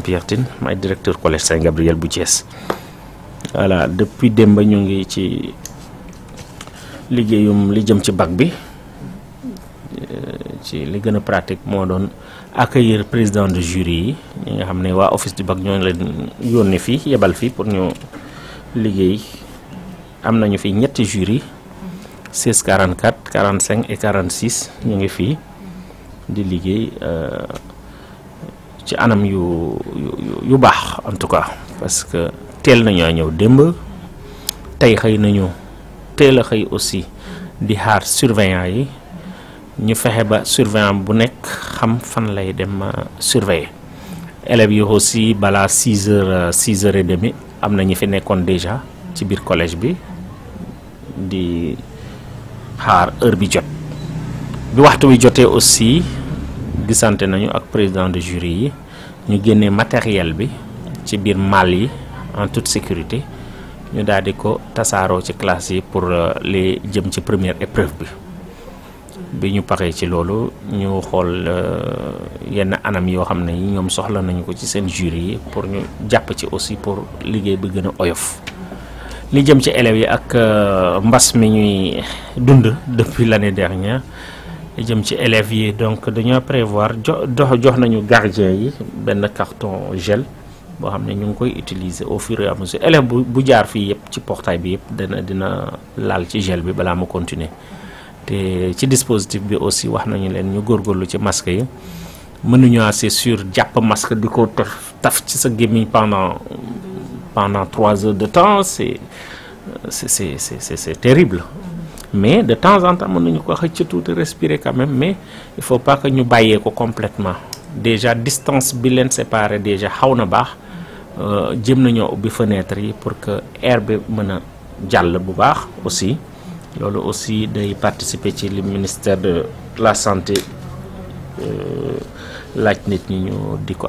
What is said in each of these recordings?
Jean-Pierre Tin may directeur collège Saint-Gabriel bu Thiès voilà depuis demba ñu ngi ci ligéyum li jëm ci bac bi euh, ci li gëna pratique mo doon accueillir président de jury yi ñi nga xamné wa office du bac ñoo leen yónni fi yebal fi pour ñu liggéey am nañu fi ñetti jury 644 45 et 46 ñu ngi fi di liggéey euh, ci anam yu yu baax en tout cas parce que teel nañoo ñëw démb tey xëy nañu teel a xëy aussi di xaar surveillant yi ñu fexe ba surveillant bu nekk xam fan lay dem euh, surveiller élèves yi aussi balaa six heures euh, six heures et demi am na ñu fi nekkoon déjà ci biir collège bi di xaar heure bi jot bi waxtu wi jotee aussi gisante nañu ak président de jury yi ñu génnee matériel bi ci biir mal yi en toute sécurité ñu daal di ko tasaaroo ci classe yi pour euh, li jëm ci première épreuve bi bi ñu paree ci loolu ñu xool euh, yenn anam yoo xam ne ñoom soxla nañu ko ci seen jury yi pour ñu jàpp ci aussi pour liggéey bi gën a oyof li jëm ci élèves yi ak euh, mbas mi ñuy dund depuis l'année dernière jëm ci élèves yi donc dañoo prévoir jo jox nañu gardien yi benn carton gel boo xam ne ñu ngi koy utiliser au fur et à mesure élève bu bu jaar fii yëpp ci portail bi yëpp dana dina laal ci gel bi balaa mu continuer te ci dispositif bi aussi wax nañu leen ñu góorgóorlu ci masque yi mënuñu assez sûr jàpp masque di ko taf taf ci sa gémmiñ pendant pendant trois heures de temps c'est c'est c'est c'est c'est terrible mais de temps en temps on nañu ko xëcc tout respirer quand même mais il ne faut pas que nous bàyyee ko complètement déjà distance bi len séparé déjà xawna bax euh jëm nañu ubbi fenêtre pour que air bi mëna jall aussi. bu bax aussi participé aussi participer ci ministère de la santé Et euh, nit ñu diko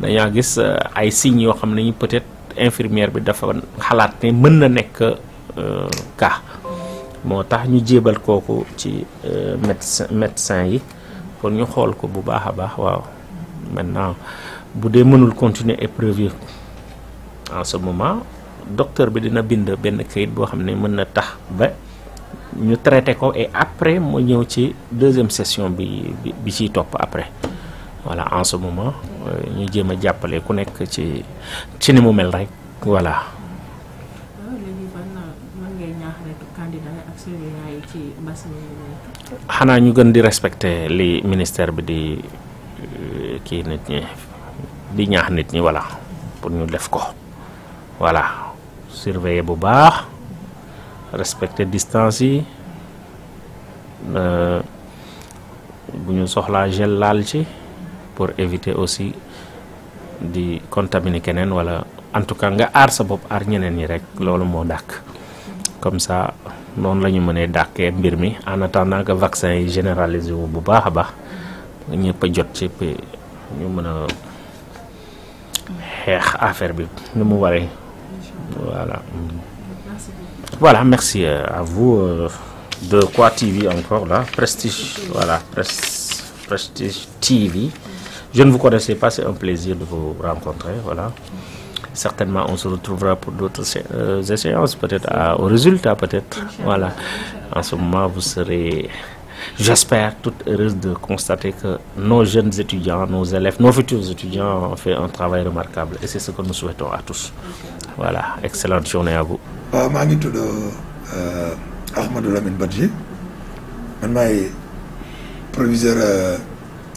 dañaa gis euh, ay signes yoo xam ne peut-être infirmière bi dafa xalaat ne mën na nekk euh, cas moo tax ñu jébal kooku ci euh, médecin médecin yi pour ñu xool ko bu baax a baax waaw maintenant bu dee mënul continuer épreuve yi en ce moment docteur bi dina bind benn kayit boo xam ne mën na tax ba ñu traité ko et après mu ñëw ci deuxième session bi bi ciy topp après voilà en ce euh, ñu jéem a jàppale ku nekk ci ci ni mu mel rek voilà. xanaa ñu gën di respecter li ministère bi di euh, kii nit ñi di ñaax nit ñi voilà pour ñu def ko voilà surveiller bu baax respecter distance yi euh, bu ñu soxlaa gel laal ci. pour éviter aussi di contaminer keneen wala en tout cas nga aar sa bopp aar ñeneen ñi rek loolu moo dàkk comme ça noonu la ñu mënee dàkkee mbir mi en attendant que vaccin yi généralisé wu bu baax a baax ñëpp a jot ci ñu mën a xeex affaire bi nu mu waree voilà voilà merci euh, à vous euh, de quoi TV encore là prestige voilà prestige TV je ne vous connaissais pas, c'est un plaisir de vous rencontrer. Voilà. Certainement, on se retrouvera pour d'autres euh, séances, peut-être au résultat, peut-être. Voilà. En ce moment, vous serez, j'espère, tout heureuse de constater que nos jeunes étudiants, nos élèves, nos futurs étudiants ont fait un travail remarquable. Et c'est ce que nous souhaitons à tous. Voilà. Excellente journée à vous. Euh, euh, Ahmadou Lamine Badji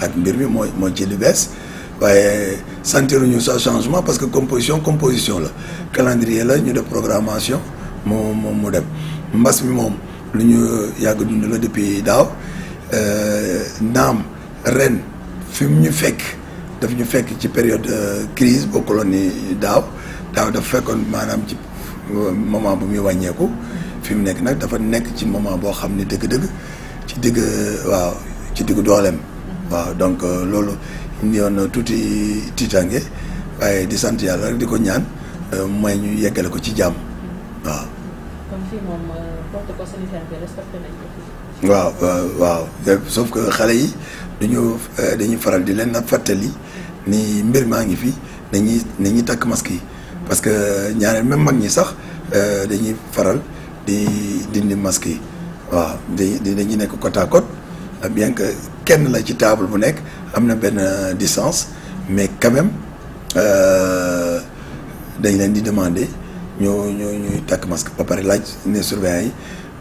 ak mbir mi mooy mooy ci li bees waaye sentiruñu changement parce que composition composition la calendrier la ñu de programmation mon, moom mu dem mbas mi moom ñu yàgg dund na depuis daaw euh, naam Nam, fi mu ñu fekk daf ñu fekk ci période euh, crise au colonie d'ao, daaw de fekkoon maanaam ci euh, moment bu muy wàññeeku fi mu nekk nag dafa nekk ci moment boo xam des dëgg-dëgg ci qui waaw ci diggu waaw donc euh, loolu ñu yoon touti tiitange waaye di sante yalla rek di ko ñaan euh, may ñu yeggale ko ci jàmm waaw. kon fii moom euh, protocole sanitaire bi respecté nañ ko fii. waaw waaw sauf que xale yi dañu dañuy faral di leen fatali ni mbir ma ngi fi nañuy nañuy tak masque yi. parce que ñaareel même mag ñi sax dañuy faral di dindi masque yi waaw dañuy dañuy nekk côte à côte bien que kenn la ci table bu nekk am na benn distance mais quand même euh, dañ leen di demander ñoo ñoo ñuy takk masque ba pare laaj ne surveillant yi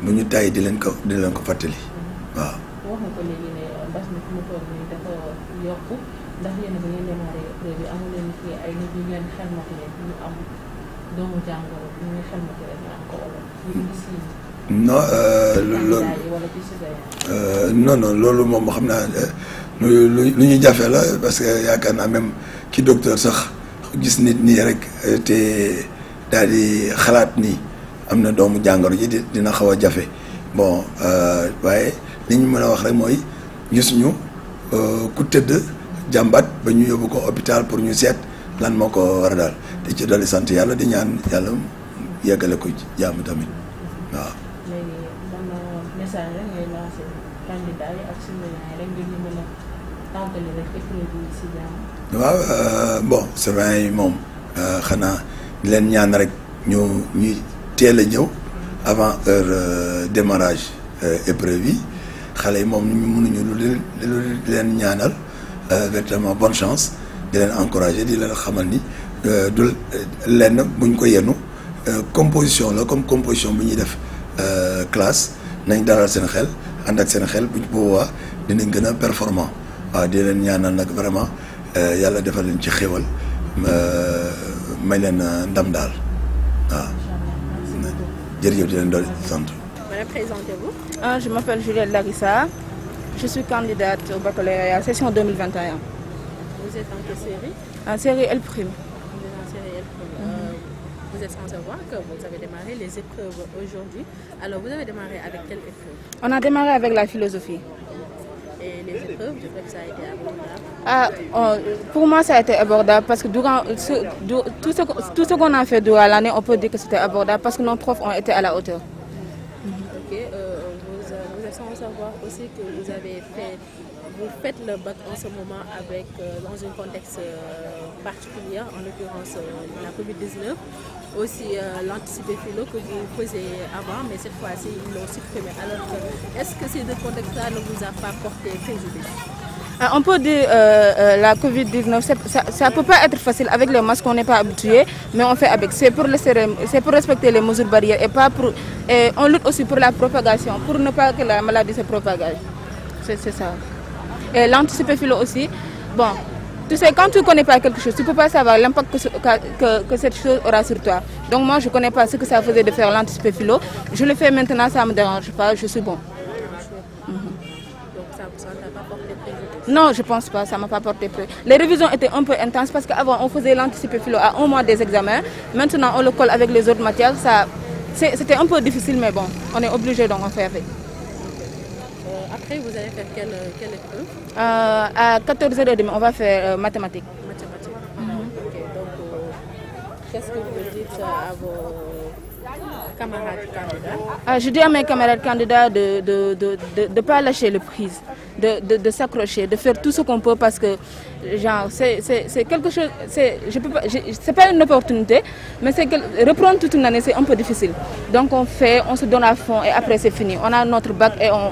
bu ñu tàyyi di leen ko di leen ko fàttali waaw. wax nga ko léegi ne mbas na fi mu toog nii dafa yokku ndax yéen ba ngeen démarré prévu amu leen fi ay nit ñu leen xelmat leen ñu am doomu jàngoro ñu ngi xelmat leen ñu am ko wala ñu ngi non euh, loolu euh, non non loolu moom xam naa euh, lu lu ñu jafe la parce que yaakaar naa même ki docteur sax gis nit nii rek te daal di xalaat nii am na doomu jàngaro ji dina xaw a jafe bon waaye li ñu mën a wax rek mooy gis ñu ku tëdd jàmbat ba ñu yóbbu ko hôpital pour ñu seet lan moo ko war a daal te ci dolli sant yàlla di ñaan yàlla yeggale ko jàmm tamit waaw message rek ngay lancé candidat yi ak suñu rek ngir ñu mën a tàmbali rek épreuve yi si jàmm. waaw euh, bon surveillant yi moom euh, xanaa leen ñaan rek ñu ñu teel a ñëw avant heure euh, démarrage épreuve yi xale yi moom ñu mënuñu lu leen lu leen ñaanal vraiment bonne chance di leen encourager di leen xamal ni du lenn buñ ko yenu composition la comme composition bu ñuy def classe nañ dalal seen xel ànd ak seen xel bu boobaa dinañ gën a performant waaw di leen ñaanal nag vraiment euh, yàlla defal leen ci xéwal may leen euh, ndam daal waaw. jërëjëf di leen doon sant. présentez-vous. Ah, je m'appelle Juliette Larissa. Je suis candidate au baccalauréat session 2021. Vous êtes en quelle série En ah, série L'. prime vous êtes sans savoir que vous avez démarré les épreuves aujourd'hui. Alors, vous avez démarré avec quelle épreuve On a démarré avec la philosophie. Et les épreuves, je crois que ça a été abordable ah, Pour moi, ça a été abordable parce que durant tout ce, qu'on a fait durant l'année, on peut dire que c'était abordable parce que nos profs ont été à la hauteur. Ok, euh, euh, savoir aussi que vous avez fait vous faites le bac en ce moment avec, euh, dans un contexte euh, particulier, en l'occurrence euh, la COVID-19, aussi l'anticipé philo que vous posez avant, mais cette fois-ci ils l'ont supprimé. Alors, est-ce que ces deux contextes-là ne vous ont pas porté préjudice ah, on peut dire la COVID-19, ça ne peut pas être facile avec les masques on n'est pas habitué, mais on fait avec. C'est pour, le, pour respecter les mesures barrières et, pas pour, et on lutte aussi pour la propagation, pour ne pas que la maladie se propage. C'est ça et philo aussi. Bon, tu sais, quand tu ne connais pas quelque chose, tu ne peux pas savoir l'impact que, que, cette chose aura sur toi. Donc moi, je ne connais pas ce que ça faisait de faire l'anticipéphilo. Je le fais maintenant, ça ne me dérange pas, je suis bon. pas mhm. porté non, je pense pas, ça m'a pas porté plus. Les révisions étaient un peu intenses parce qu'avant on faisait philo à un mois des examens. Maintenant on le colle avec les autres matières, ça c'était un peu difficile mais bon, on est obligé d'en faire après, vous allez faire quelle, euh, quelle euh, À 14h 30 on va faire euh, mathématiques. Mathématiques. Mhm. donc, qu'est-ce que vous dites à vos camarades candidats ah, Je dis à mes camarades candidats de ne pas lâcher le prise, de, s'accrocher, de faire tout ce qu'on peut parce que c'est quelque chose, je peux pas, c'est pas une opportunité, mais c'est reprendre toute une année c'est un peu difficile. Donc on fait, on se donne à fond et après c'est fini. On a notre bac et on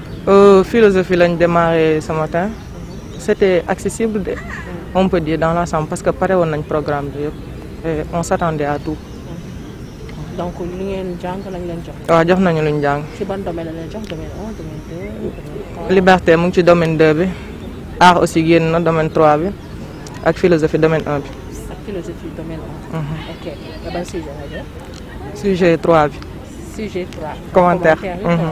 Euh, philosophie lañ démarré ce matin. C'était accessible, on peut dire, dans l'ensemble, parce que on woon nañ programme Et on s'attendait à tout. donc li avez jàng lañ leen jox. waaw jox nañu luñ jàng. ci ban domaine la jox domaine 1 domaine 2. liberté c'est ngi domaine 2 art aussi c'est na domaine 3 bi. ak philosophie domaine 1 bi. ak philosophie domaine 1. Mhm. ok ban sujet la sujet 3 bi. sujet 3. commentaire commentaire mhm.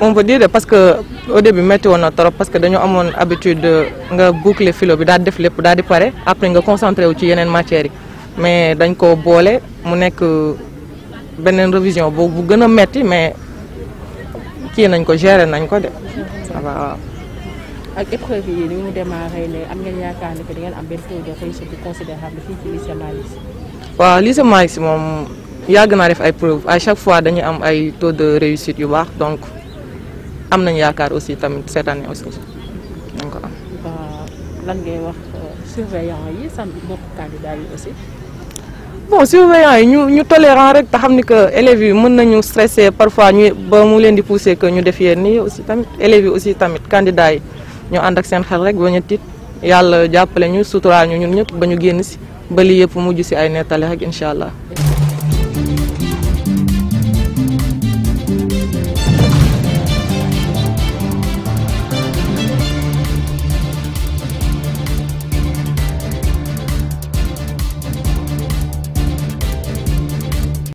on va dire parce que au début métti woon na trop parce que dañoo amoon habitude nga boucler filo bi daal def lépp daal di pare après nga concentré wu ci yenen matière mais dañ ko bolé mu nek benen révision bo bu gëna metti mais ki nañ ko gérer nañ ko dé ça va ak épreuve yi ni mu démarré né am ngeen yaakaar ne que da ngeen am ben taux fay ci considérable fii ci lycée Malick Sy. waaw lycée Malick Sy moom yàgg def ay preuve à chaque fois dañuy am ay taux de réussite yu baax donc. am nañ yaakaar aussi tamit cette année aussi nañ ko am lan ngay wax euh, surveillant yi sam bokk candidat yi aussi bon surveillant yi ñu ñu tolérant rek te xam ni que élèves yi mën nañu stressé parfois ñu ba mu leen di pousser que ñu def yenn yi aussi tamit élèves yi aussi tamit candidat yi ñu ànd ak seen xel rek ba ñu tiit yàlla jàppale ñu sutura ñu ñun ñëpp ba ñu génn si ba li yëpp mujj si ay rek incha allah